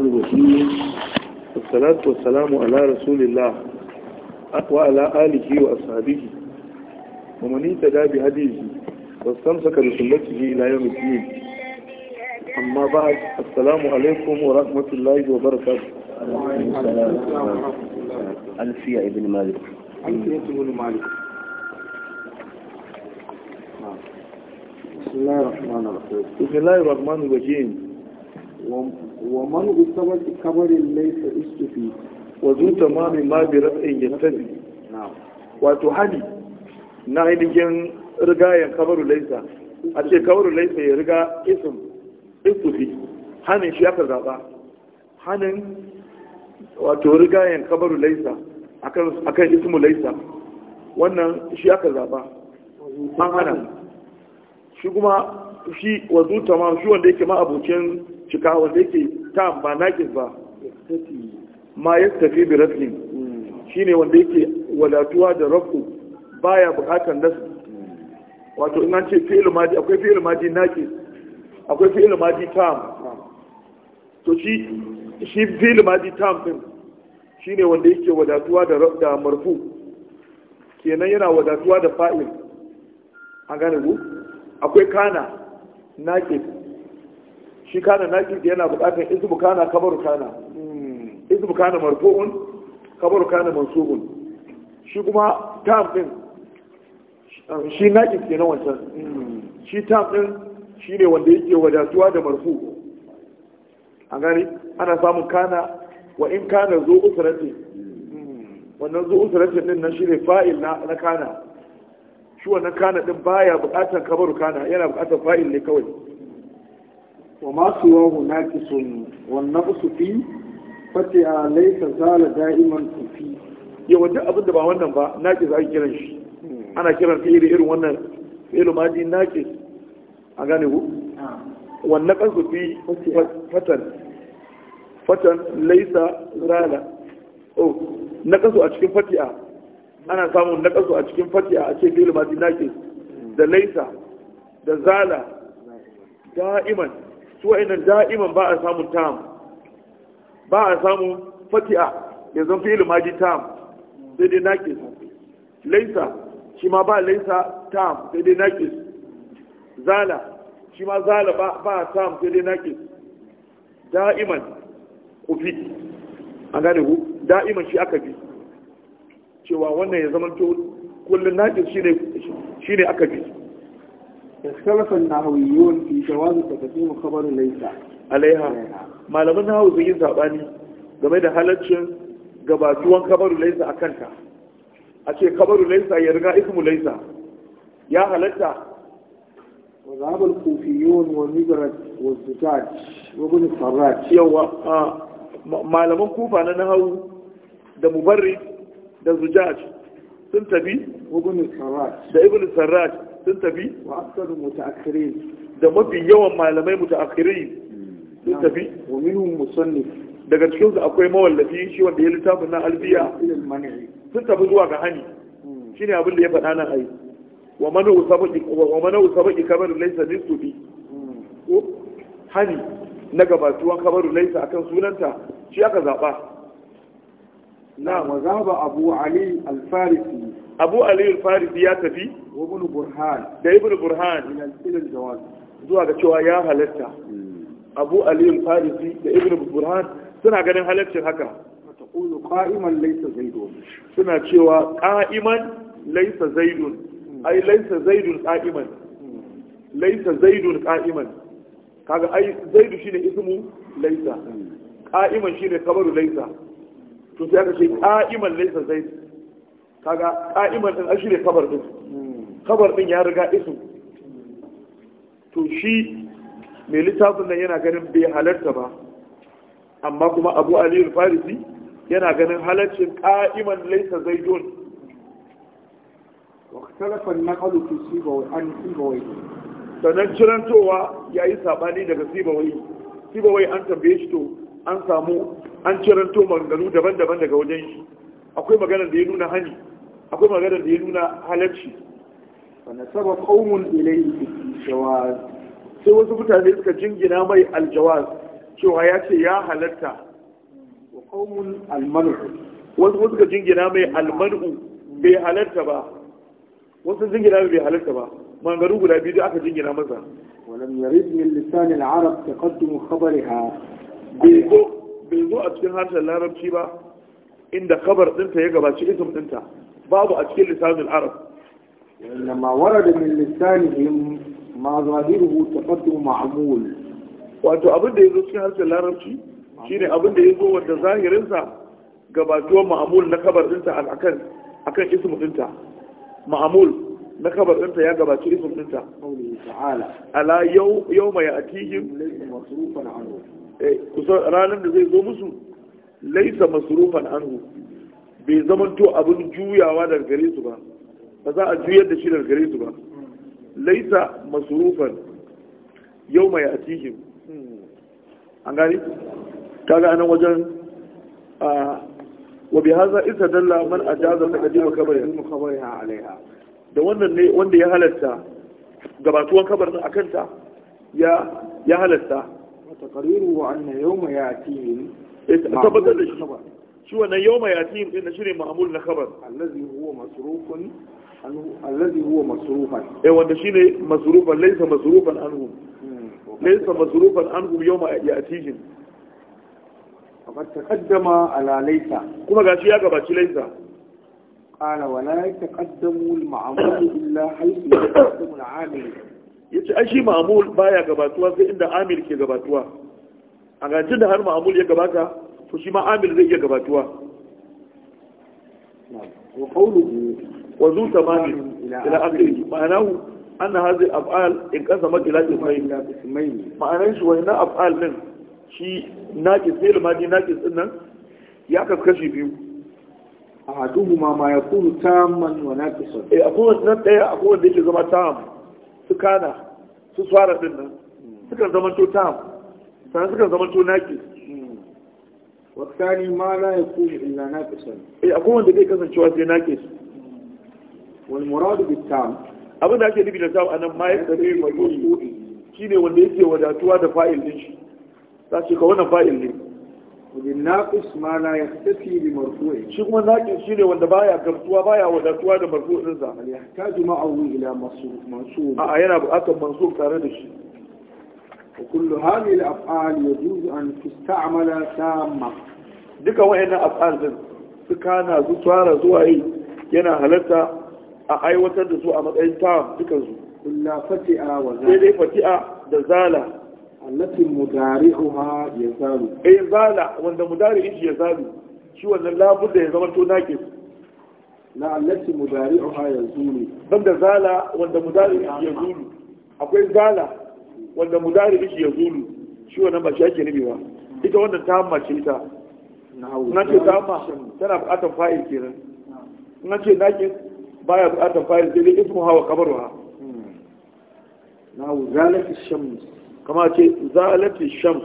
الرحمن الرحيم والصلاة والسلام على رسول الله وعلى آله وأصحابه ومن اهتدى بهديه واستمسك بسنته إلى يوم الدين أما بعد السلام عليكم ورحمة الله وبركاته ألفية ابن مالك ألفية ابن مالك بسم الله الرحمن الرحيم بسم الله الرحمن الرحيم wa man usaba bi kabarin laysa istufi wa zu tamamin ma bi raf'in yastafi wato hali na ainihin rigayen kabarin a ce kabarin ya riga ism istufi hanin shi aka zaba hanin wato rigayen kabarin akan ismu laysa wannan shi aka zaba an hana shi kuma shi wazu ma shi wanda yake ma abokin cika wanda yake ta ba naƙis ba ma ya tafi bi rafin shi ne wanda yake wadatuwa da rafu baya bukatar nasu wato ina ce fi'il madi akwai fi'il madi naƙis akwai fi'il madi tam to shi shi fi'il madi tam din shi ne wanda yake wadatuwa da marfu kenan yana wadatuwa da fa'il an gane ku akwai kana naƙid shi kana naƙid yana buƙatar ismu kana kabaru kana ismu kana marfu'un kabaru kana mansubun shi kuma tam din shi naƙid ke na wancan shi tam ɗin shi ne wanda yake wadatuwa da marfu an gani ana samun kana wa in kana zo usratin wannan zo usratin din nan shi ne fa'il na kana shi wannan kana din baya buƙatar kabaru kana yana buƙatar fa'il ne kawai wa ma suwa hu naqisun wan su fi fati a laysa zala da'iman fi yawa duk abin da ba wannan ba naqis ake kiran shi ana kiran iri irin wannan fi'ilu madi naqis a gane ku kan su fi fatan fatan laysa zala oh naqsu a cikin fati'a ana samun nakasu a cikin fatiha a ce fi'il madi da laisa da zala da'iman su wa'annan da'iman ba a samun tam ba a samun fatiha ya zan fi'il madi tam sai dai nake laisa shi ma ba laisa tam sai dai nake zala shi ma zala ba tam sai dai nake da'iman kufi an gane ku da'iman shi aka bi cewa wannan ya zama to kullun naqis shine shine aka ji ikhtalafa nahawiyyun fi jawaz taqdim khabar laysa alaiha malaman nahawu sun yi sabani game da halaccin gabatuwan khabar laysa akan ta a ce khabar laysa ya riga ismu laysa ya halatta wa zabal kufiyun wa nigrat wa zutaj wa ibn sarrat yawa malaman kufa na nahawu da mubarrid da zujaj sun tafi da ibn sarraj sun tafi da mafi yawan malamai mutaakhirin sun tafi wa daga cikin su akwai mawallafi shi wanda ya littafin na albiya sun tafi zuwa ga hani hmm. shine abin da ya faɗa nan ai wa mana usabaki wa laisa ne kabar bi hmm. hani na gabatuwan kamar laisa akan sunanta shi aka zaɓa. na wa zaba abu ali al-farisi abu ali al-farisi ya tafi wa burhan da ibn burhan ila ilal jawaz zuwa ga cewa ya halatta hmm. abu ali al-farisi da ibn burhan suna ganin halaccin haka taqulu qa'iman laysa zaidun suna cewa ƙa'iman Laisa zaidun hmm. ai Laisa zaidun ƙa'iman. Hmm. Laisa zaidun ƙa'iman. kaga ai zaidu shine ismu laysa qa'iman shine kabaru Laisa. to sai aka ce ƙa'iman laisa zai kaga ƙa'iman ɗin ashe kabar ɗin kabar ɗin ya riga isu to shi mai littafin nan yana ganin bai halarta ba amma kuma abu aliyu farisi yana ganin halarcin ƙa'iman laisa zai don na sibawai sannan cirantowa ya yi saɓani daga sibawai sibawai an tambaye shi to an samu an to maganganu daban-daban daga wajen shi akwai maganar da ya nuna hani akwai maganar da ya nuna halarci wanda saba kaumun ilai jawaz sai wasu mutane suka jingina mai aljawaz cewa ya ce ya halarta wa kaumun almanu wasu suka jingina mai almanu bai halarta ba wasu jingina mai bai halarta ba maganganu guda biyu da aka jingina masa yar'in يرد من لسان العرب تقدم خبرها بيقول bai zo a cikin harshen larabci ba inda kabar dinta ya gabaci isim dinta babu a cikin lisanin arab ma warada min lisanihim ma zahiruhu taqaddum ma'mul wato abin da yazo cikin harshen larabci shine abin da yazo wanda zahirin sa gabatuwar ma'mul na kabar dinta akan akan ism dinta ma'mul na kabar ɗinta ya gabaci ism ɗinta ala yau mai atihim Eh, kusan ranar da zai zo musu laisa masrufan anhu bai zamanto abin juyawa daga gare su ba ba za a juyar da shi daga gare su ba laisa masrufan yau mai atihim an gani kaga anan wajen wa bi isa dalla man ajaza taqdim kabarha alaiha da wannan ne wanda ya halatta gabatuwan kabarin akanta ya ya halatta taqriru wa anna yawma yatihim tabbatar da shi shi wannan yawma yatihim din shine ma'mul na khabar allazi huwa masrufun allazi huwa masrufan eh wanda shine masrufan laysa masrufan anhu laysa فقد تقدم على ليس كما غاشي يا غباشي ليس قال ولا يتقدم المعمول الا حيث يتقدم العامل ya ce shi ma'amul baya gabatuwa sai inda amil ke gabatuwa a gancin da har ma'amul ya gabata to shi ma amil zai iya gabatuwa wa qawluhu wa zu tamamin ila akhirih ma'anahu anna hadhihi af'al in qasama ila mai. ma'anar shi na af'al din shi ke sai limadi naqis din nan ya kaskashi biyu ahaduhuma ma yakunu tamman wa naqisan eh akwai wannan daya akwai wanda yake zama tamman su kana su tsara din nan suka zamanto ta sannan suka zamanto naki wasani ma la yakunu illa naqisan eh akwai wanda zai kasancewa sai naqis wal muradu bit tam abin da ake nufi da anan ma yake da mai shi ne wanda yake wadatuwa da fa'il din shi ta ce ka wannan fa'il ne wajen naƙus ma la ya tafi da marfu'i shi kuma naƙin shi ne wanda baya gamsuwa baya wadatuwa da marfu'in sa ya taji ma'awu ila masu a yana buƙatar masu tare da shi wa kullu hadhihi al-af'al yajuzu an tusta'mala tamma duka wayannan af'al din su kana fara zuwa yi yana halatta a aiwatar da su a matsayin tam dukan su fati'a wa zala sai dai fati'a da zala allati mudari'uha yazalu eh zala wanda mudari'in shi yazalu shi wannan labud da ya zama to nake la allati mudari'uha yazulu banda zala wanda mudari'in shi yazulu akwai zala wanda mudari'in shi yazulu shi wannan ba shi ake nufi ba ita wannan ta hamma ce ta na ce ta amma tana buƙatar fa'il kenan na ce nake baya buƙatar fa'il sai dai ismu hawa kabarwa hmm. na zalati shams kama ce zalati shams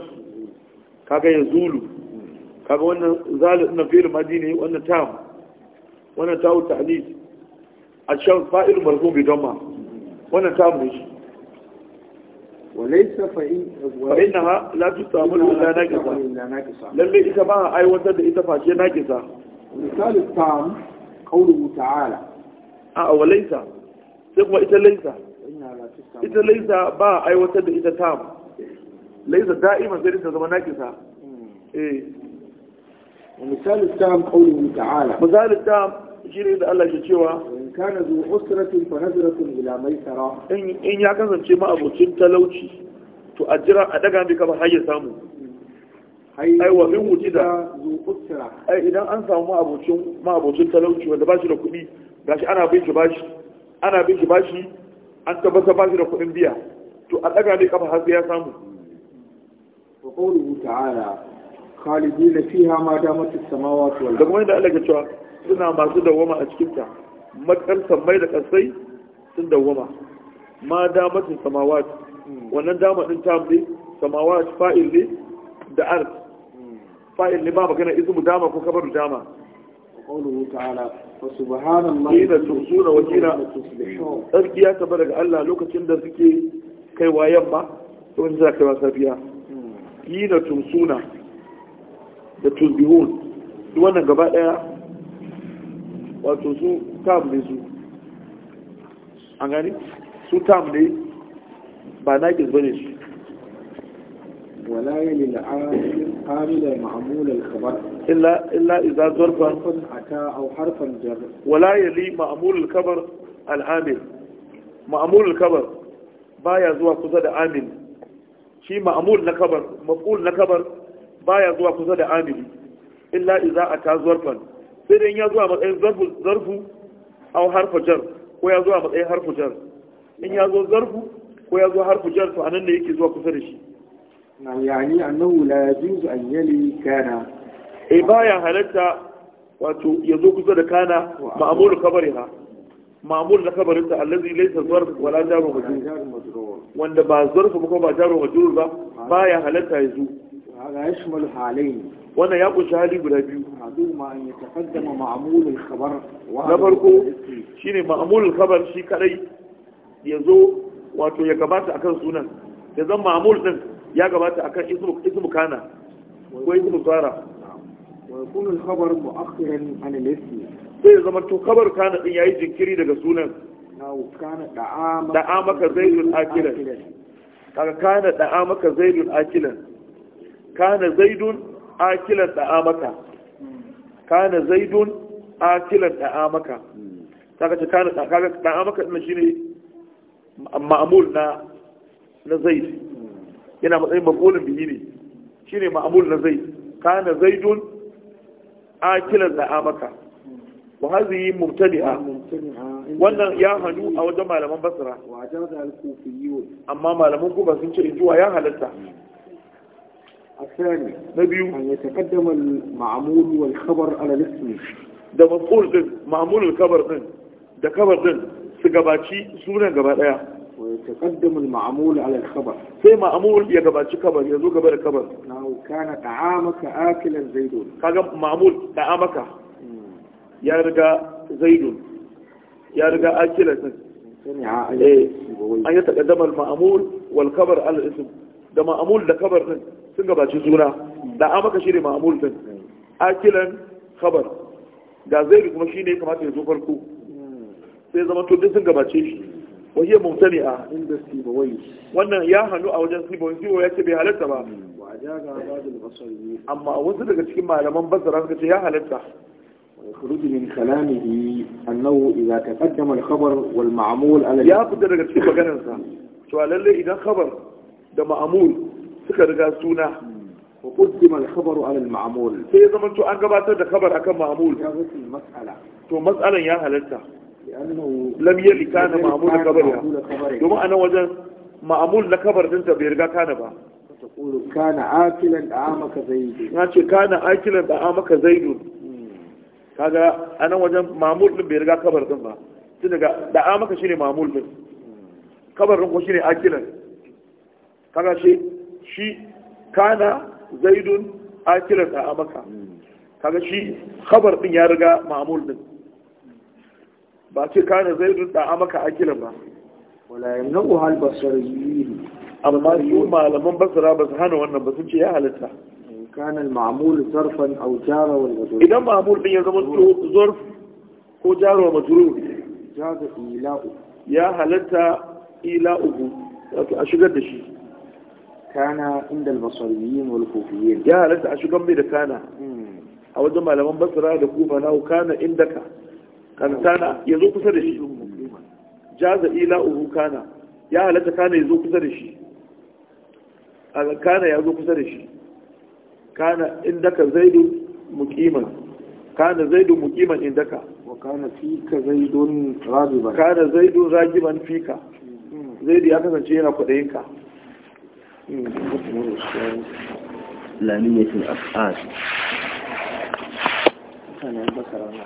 kaga ya zulu kaga wannan zalat na fi'il madi ne wannan tam wannan tawu ta'nis asham fa'il marfu bi damma wannan tam ne shi وليس فإن فإنها لا تستعمل إلا ناقصة لما إتباع أي وزد إتباع شيء ناقصة مثال التام قوله تعالى sai kuma ita laisa. ita laisa ba a aiwatar da ita tam laisa da'iman sai ta zama nakisa hmm. eh misali tam qawluhu ta'ala misali tam shine da Allah ke cewa in kana zu usratin fa nazratun ila maisara in in ya kasance ma abocin talauci to a jira a daga mai kamar har ya samu ai wa in wuce da zu usra ai idan an samu ma abocin ma abocin talauci wanda ba shi da kuɗi gashi ana bin shi bashi ana bin shi bashi an tabbata ba shi da kuɗin biya to a ɗaga ne kafa har sai ya samu wa qawluhu ta'ala khalidina fiha ma damat as-samawati wal ardh kuma Allah ya cewa suna masu dawama a cikin ta makan sammai da kasai sun dawama ma damat as-samawati wannan dama din ta bi samawati fa'il ne da ard fa'il ne ba magana mu dama ko kabaru dama قوله تعالى وسبحان الله حين تمسون وحين تصبحون أرجيا تبارك الله لو كنت ذكي كي ويما وإن ذاك وسبيا حين تمسون تصبحون وانا قبل wato su tam ne su an gani su tam ne ba naƙis ba ne ولا يلي العامل عامل معمول الخبر إلا إلا إذا ظرفا أتى أو حرفا جر ولا يلي معمول الخبر العامل معمول الخبر بايا زوا كذا عامل شي معمول نكبر مفعول نكبر بايا زوا كذا عامل إلا إذا أتى ظرفا sai dai ya zuwa matsayin zarfu au harfa jar ko ya zuwa matsayin harfu jar in ya zo zarfu ko ya zo harfu jar to anan ne yake zuwa kusa da shi yani annahu la yajuzu an yali kana E baya halatta wato yazo kusa da kana ma'amul kabariha ma'amul na kabarinta allazi laysa zarf wala jaru majrur wanda ba zarf kuma ba jaru majrur ba ah. baya halatta yazo hada yashmul halayn wannan ya kunshi hali guda biyu ma na farko shi ne ma'amulul khabar shi kadai yazo wato ya gabata akan sunan ya zan ma'amul din ya gabata akan ismu kana ko ismu tsara wa yakunu al-khabar mu'akhiran an al ismi sai zama to khabar kana din yayi jinkiri daga sunan nawo kana da'ama da'amaka zaidul akilan kaga kana da'amaka zaidun akilan kana zaidun akilan da'amaka kana zaidun akilan da'amaka kaga ta kana kaga da'amaka din shine ma'mul na na zaid yana matsayin mabolin biyi ne shi ne ma'amul na zai ka na zai don kilar da amaka wa hazi yi mumtani a wannan ya hannu a wajen malaman basira amma malaman kuma sun ce injuwa ya halatta a sani na biyu an yi ta ma'amul wal kabar alalisi da mabolin ma'amul kabar din da kabar din su gabaci sunan gaba daya ويتقدم المعمول على الخبر سي معمول يا غبا شي خبر يزو غبا ده لو كان طعامك اكلا زيد كاغا معمول طعامك يا رغا زيد يا رغا اكلا eh an yi takaddamar ma'amul wal kabar al da ma'amul da kabar din sun gabaci amaka shi ne ma'amul akilan kabar ga zai kuma shi ne kamata ya zo farko hmm. sai zama to duk sun gabace shi وهي ممتنئة عند سيبوي وانا يا هنو او جان سيبوي سيبوي يا تبي هلتا ما وعجاك عباد البصريين اما وصلك تكما لمن بصر انك يا هلتا ويخرج من كلامه انه اذا تقدم الخبر والمعمول على يا قدر لك تكما كان شو قال لي اذا خبر ده معمول suka riga suna wa qaddima al-khabaru ala al-ma'mul sai zamanto an gabatar da khabar akan ma'mul to mas'alan ya halatta lam yali kana ma'amul na kabari domin a nan wajen ma'amul na kabar dinta bai riga kana ba kana akilan da amaka zaidu na ce kana akilan da amaka zaidu kaga a nan wajen ma'amul din bai riga kabar din ba tun daga da amaka shine ma'amul din kabar din ko shine akilan kaga shi shi kana zaidun akilan da amaka kaga shi kabar din ya riga ma'amul din ba ce kana zaidun da maka akilan ba wala yamnu amma su malaman basara ba su hana wannan ba sun ce ya halitta. zarfan jara idan ma'mul din ya zama zarf ko jara wa majrur jaza ila'u ya halatta ila'u wato a shigar da shi kana inda ya halitta a shigar mai da kana hmm. a wajen malaman basara da kufa na kana indaka kantana ya zo kusa da shi jaza ila uhu kana ya halatta kana ya zo kusa da shi kana ya zo kusa da shi kana indaka zaidu muqiman kana zaidu muqiman indaka wa kana fika zaidun ragiban kana zaidun ragiban fika zaidu ya kasance yana kwadayin ka lamiyyatul af'al mutanen basara na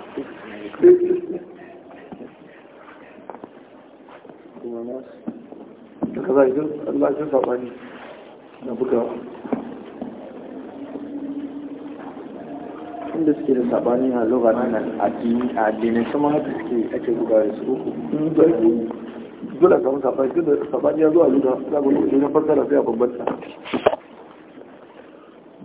kuma na da kaza idan Allah ya na bugawa inda suke da saɓani a lokacin nan addini a addinin kuma haka suke ake buga da su uku dole ka musa fa dole saɓani ya zo a lura za ku lokaci na da sai a bambanta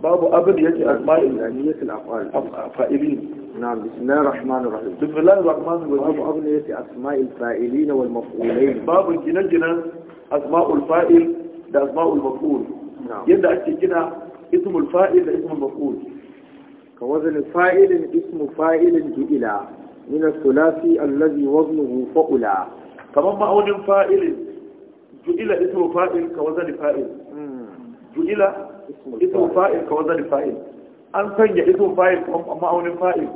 babu abin da yake asma'il aniyyatul afa'il نعم بسم الله الرحمن الرحيم بسم الله الرحمن الرحيم باب أغنية أسماء الفائلين والمفعولين باب جنا جنا أسماء الفائل ده أسماء المفعول نعم يبدأ أكتب جنا اسم الفائل ده اسم المفعول كوزن فائل اسم فائل جئلا من الثلاثي الذي وزنه فؤلا كمان معون فائل جئلا اسم فائل كوزن فائل جئلا اسم فائل كوزن فائل an sanya isin fa'il أم ma'aunin فائل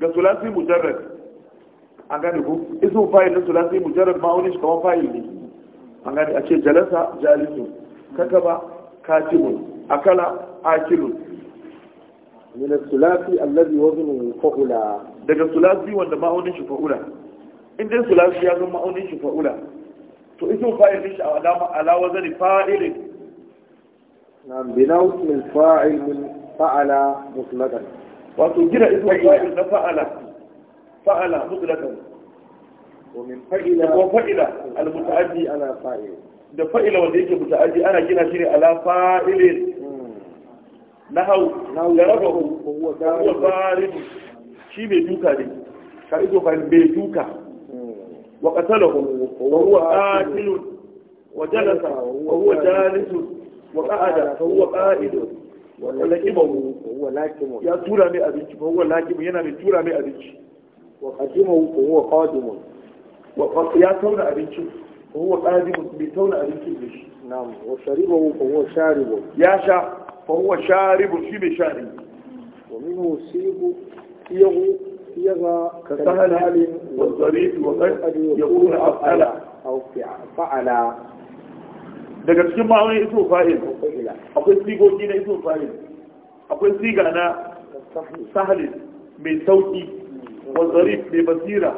ga sulasi mujarrad an gane ku isu fayil na sulasi mujarrad ma'aunin shi kamar fayil ne an gane a ce jalasa jalisu kataba katibun akala akilun min sulasi allazi waznuhu fa'ula daga sulasi wanda ma'aunin shi fa'ula in dai sulasi ya zama ma'aunin shi fa'ula to isu fayil din shi a alama ala wazani fa'ilin na bina'u min fa'il min fa'ala mutlaqan wato gina ismu fa'il na fa'ala fa'ala mutlaqan ومن فعل وفعل المتعدي على فاعل da fa'ila wanda yake muta'addi ana gina shi ne ala fa'ilin hmm. nahau da raba huwa farin shi mai duka ne ka izo fa mai duka hmm. wa qatalahu wa huwa qatilun wa jalasa wa huwa jalisun wa qa'ada fa huwa qa'idun wa laqibahu huwa lakimu ya tura mai abinci fa huwa lakimu yana mai tura mai abinci wa qadimu fa huwa qadimu wa ya tauna abincin fa huwa qadimu bai tauna abincin da shi na'am wa sharibu fa huwa sharibu ya sha fa huwa sharibu shi bai sha ne wa minhu sibu yahu yaga kasahalin wa zarif wa qad yakuna afala aw fa'ala daga cikin ma'aunin iso fa'il akwai sigogi na iso fa'il akwai siga na sahalin mai sauki wazarif mai basira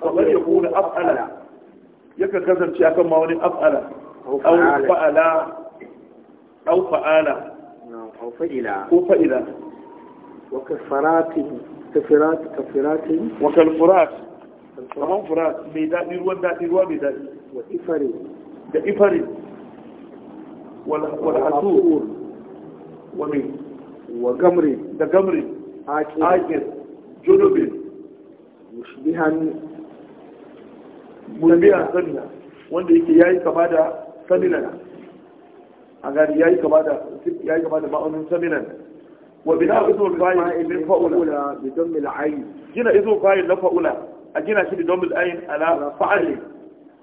kamar ya kuna af'ala ya yakan kasance akan ma wani af'ala au fa'ala au fa'ala au fa'ila wa kafaratin kafirat kafiratin wa kalfurat kaman furat mai daɗi ruwan daɗi ruwa mai daɗi wa ifari da ifari wal hasur wa min da gamri akir junubin mushbihan mulbiya sanina wanda yake yayi kama da sanina a gari yayi kama da yayi kama da ma'aunin sanina wa bina ismul bi dammil gina ismul fa'il na fa'ula a gina shi da dammil ayn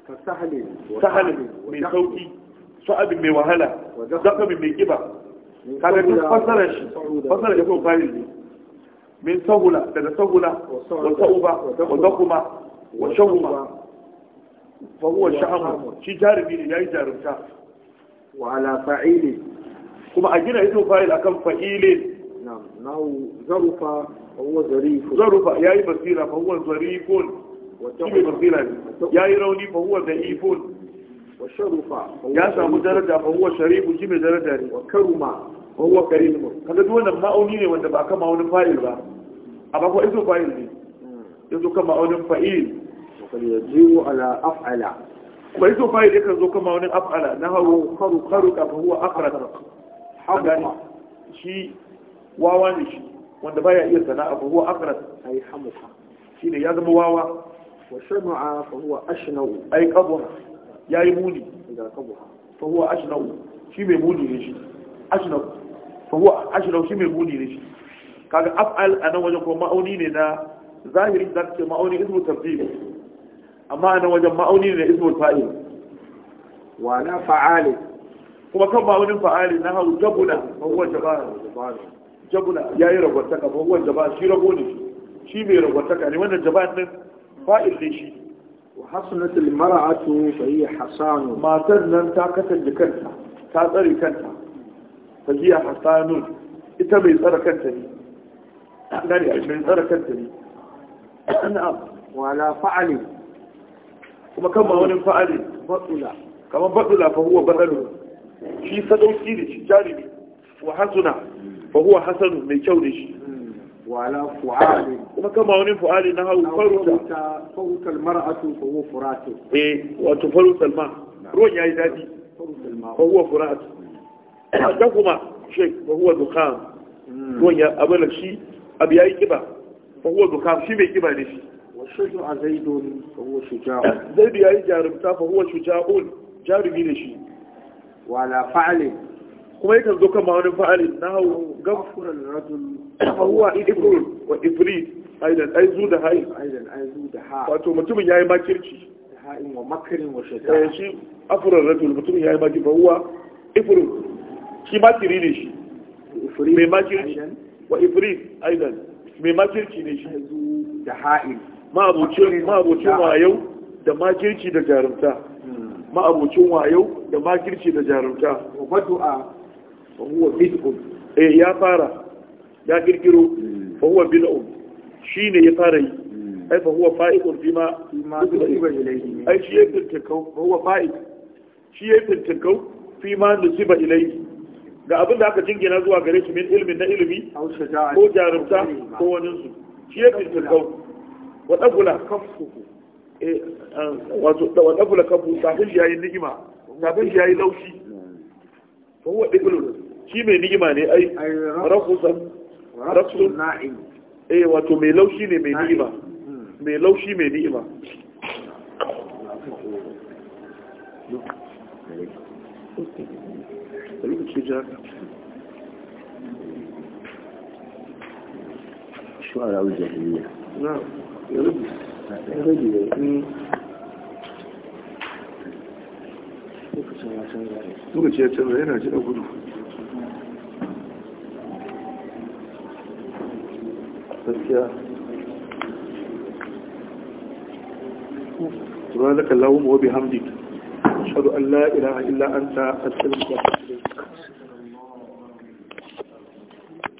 ka mai sauki mai wahala mai kaga duk fasarar shi fasarar ibn fa'il ne min sahula daga sahula wa sa'uba wa zakuma wa shahuma fa huwa sha'amu shi jarumi ne yayi jarumta wa ala fa'ili kuma a gina ito fa'il akan fa'ilin na'am nahu zarufa huwa zarifu zarufa yayi basira fa huwa zarifun shi mai basira ne yayi rauni fa huwa da'ifun wa sharufa ya samu daraja fa huwa sharifu shi mai daraja ne wa karuma fa huwa karimu kaga duk wannan ma'auni ne wanda ba kama wani fa'il ba a ba ko izo fa'il ne yazo kama wani fa'il wa yajibu ala af'ala kuma izo fa'il yakan zo kama wani af'ala na hawo karu karu ka fa huwa akhra haka shi wawa ne shi wanda baya iya sana'a fa huwa akhra ai hamuka shine ya zama wawa wa shanu'a fa huwa ashna'u ai qabura ya yi muni fahuwa ashinau shi mai muni ne shi ashinau fahuwa ashinau shi mai muni ne shi kaga af'al a nan wajen kuma ma'auni ne na zahiri za ce ma'auni ismul tabdil amma a nan wajen ma'auni ne na ismul fa'il wa na fa'ali kuma kan ma'aunin fa'ali na hau jabuna fahuwa jabala jabula ya yi ragwataka fahuwa jabala shi rabu ne shi shi mai ragwataka ne wannan jabala ɗin fa'il ne shi wa hasanatul mar'atu fa hiya hasanu matar nan ta kasance kanta ta tsare kanta fa hiya hasanun ita mai tsare kanta ne gari mai tsare kanta ne na'am wala fa'ali kuma kan ma wani fa'ali batula kamar batula fa huwa shi sadauki shi wa mai kyau da shi wala fu'ali kuma kan wani fu'ali na hau faruta faruta mar'atu fa huwa furatu eh wato faruta alma ruwan yayi dadi faruta alma fa huwa furatu da kuma shek fa huwa dukhan hmm. ruwan ya abala shi abu yayi kiba fa huwa dukhan shi mai kiba ne shi وشجع زيد فهو شجاع زيد jarumta. جارمتا فهو شجاع jarumi ne shi wala fa'alin kuma yakan zo kan ma'aunin fa'alin na hau gafuran rajul fahuwa ibrul wa ibrid aidan aizu da hain aidan aizu da ha wato mutumin ya yi makirci da hain wa makirin wa shaitan eh, shi afuran rajul mutumin ya yi makirci ba huwa ifri shi makiri ne shi mai makirci wa ibrid aidan mai makirci ne shi da hain ma'abucin ma'abucin wayau da makirci da jarumta hmm. ma'abucin wayo da makirci da jarumta wa badu'a فهو بدء bid'un يا eh, ya fara ya فهو بدء شين يا shine ya fara yi hmm. ai فيما نسب fa'idun bima شيء ilayhi ai shi شيء tintakau فيما نسب fa'id ga abin da aka jingina zuwa gare shi min ilmin na ilimi ko jarumta ko wani su shi ya fito wa wadabula kafsuhu eh, eh wato da kafu kafin shi yayi ni'ima kafin shi yayi laushi to hmm. huwa shi mai ni'ima ne ai rafusan rafsun eh wato mai laushi ne mai ni'ima hmm. mai laushi mai ni'ima شعراء الجاهلية نعم ya canza yana jiɗa gudu gaskiya ruwan zaka lawon wabi hamdi shaɗu allah ila'a illa an ta asirin da